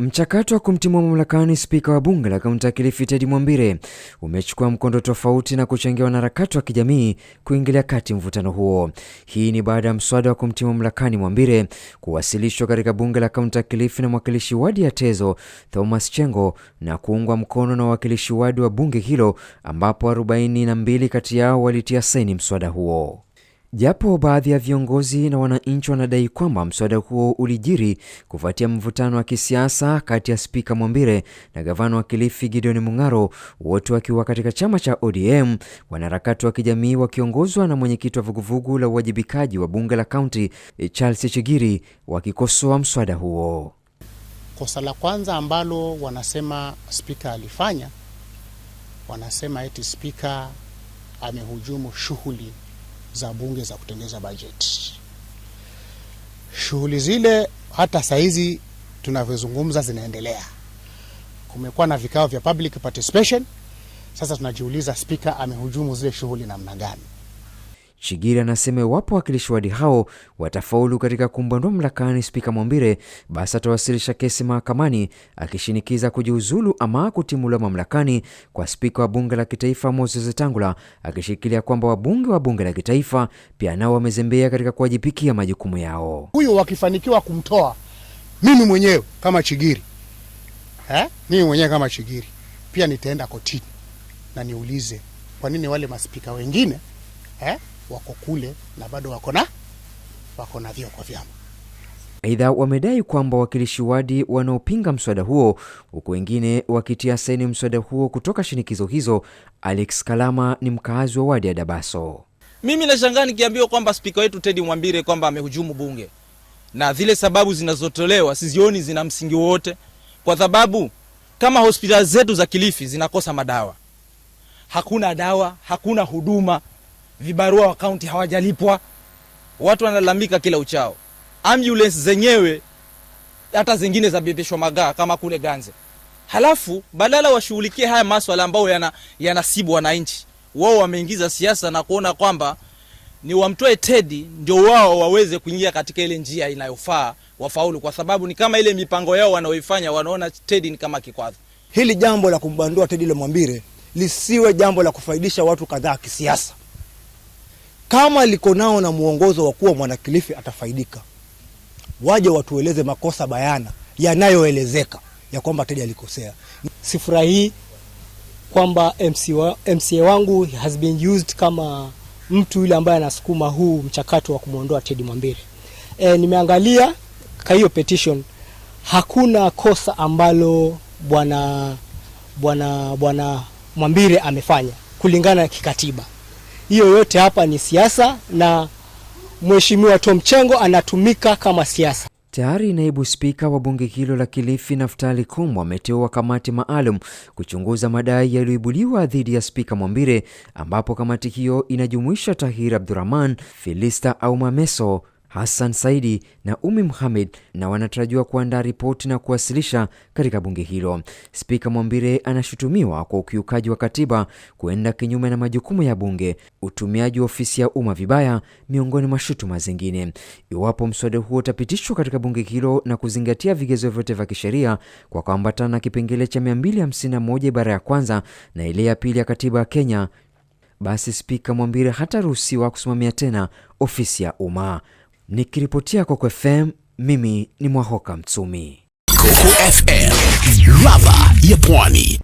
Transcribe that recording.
Mchakato wa kumtimua mamlakani spika wa bunge la kaunti ya Kilifi Ted Mwambire umechukua mkondo tofauti na kuchangia harakati wa kijamii kuingilia kati mvutano huo. Hii ni baada ya mswada wa kumtimua mamlakani Mwambire kuwasilishwa katika bunge la kaunti ya Kilifi na mwakilishi wadi ya Tezo Thomas Chengo na kuungwa mkono na wawakilishi wadi wa bunge hilo ambapo arobaini na mbili kati yao walitia saini mswada huo. Japo baadhi ya viongozi na wananchi wanadai kwamba mswada huo ulijiri kufuatia mvutano wa kisiasa kati ya Spika Mwambire na gavana wa Kilifi Gideon Mung'aro, wote wakiwa katika chama cha ODM, wanaharakati wa kijamii wakiongozwa na mwenyekiti wa vuguvugu la uwajibikaji wa bunge la kaunti Charles Chigiri wakikosoa mswada huo. Kosa la kwanza ambalo wanasema spika alifanya, wanasema eti spika amehujumu shughuli za bunge za kutengeza bajeti. Shughuli zile hata saizi tunavyozungumza zinaendelea. Kumekuwa na vikao vya public participation. Sasa tunajiuliza spika amehujumu zile shughuli namna gani? Shigiri anasema iwapo wakilishi wadi hao watafaulu katika kumbwandua mamlakani Spika Mwambire, basi atawasilisha kesi mahakamani akishinikiza kujiuzulu ama kutimuliwa mamlakani kwa spika wa bunge la kitaifa Moses Tangula, akishikilia kwamba wabunge wa bunge la kitaifa pia nao wamezembea katika kuwajipikia majukumu yao. Huyu wakifanikiwa kumtoa, mimi mwenyewe kama Chigiri eh, mimi mwenyewe kama Chigiri pia nitaenda kotini na niulize kwa nini wale maspika wengine eh? wako kule na bado wako na wako na vyeo kwa vyama. Aidha, wamedai kwamba wakilishi wadi wanaopinga mswada huo huku wengine wakitia saini mswada huo kutoka shinikizo hizo. Alex Kalama ni mkaazi wa wadi ya Dabaso. Mimi nashangaa nikiambiwa kwamba spika wetu Teddy Mwambire kwamba amehujumu bunge na zile sababu zinazotolewa sizioni zina msingi wowote, kwa sababu kama hospitali zetu za Kilifi zinakosa madawa, hakuna dawa, hakuna huduma vibarua wa kaunti hawajalipwa, watu wanalalamika kila uchao. Ambulance zenyewe hata zingine zabebeshwa magaa kama kule Ganze. Halafu badala washughulikie haya maswala ambayo yanasibu yana wananchi, wao wameingiza siasa na kuona kwamba ni wamtoe Tedi ndio wao waweze kuingia katika ile njia inayofaa wafaulu, kwa sababu ni kama ile mipango yao wanaoifanya, wanaona Tedi ni kama kikwazo. Hili jambo la kumbandua Tedi Lomwambire lisiwe jambo la kufaidisha watu kadhaa kisiasa kama liko nao na mwongozo wa kuwa mwanakilifi atafaidika, waje watueleze makosa bayana yanayoelezeka ya kwamba teja alikosea. Sifurahii kwamba MCA wa, MCA wangu has been used kama mtu yule ambaye anasukuma huu mchakato wa kumwondoa Teddy Mwambire. E, nimeangalia ka hiyo petition, hakuna kosa ambalo bwana bwana bwana Mwambire amefanya kulingana na kikatiba hiyo yote hapa ni siasa na Mheshimiwa Tom Chengo anatumika kama siasa. Tayari naibu spika wa bunge hilo la Kilifi Naftali Kumbwa ameteua kamati maalum kuchunguza madai yaliyoibuliwa dhidi ya spika Mwambire, ambapo kamati hiyo inajumuisha Tahir Abdurahman, Filista au mameso Hassan Saidi na Umi Mohamed na wanatarajiwa kuandaa ripoti na kuwasilisha katika bunge hilo. Spika Mwambire anashutumiwa kwa ukiukaji wa katiba, kuenda kinyume na majukumu ya bunge, utumiaji wa ofisi ya umma vibaya, miongoni mwa shutuma zingine. Iwapo mswada huo utapitishwa katika bunge hilo na kuzingatia vigezo vyote vya kisheria kwa kuambatana na kipengele cha 251 ibara ya kwanza na ile ya pili ya katiba ya Kenya, basi Spika Mwambire hataruhusiwa kusimamia tena ofisi ya umma. Nikiripotia Coco FM, mimi ni Mwahoka Mtsumi. Coco FM, ladha ya Pwani.